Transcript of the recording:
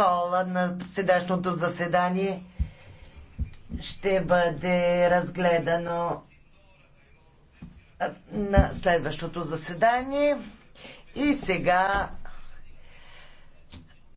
протокола на седашното заседание ще бъде разгледано на следващото заседание. И сега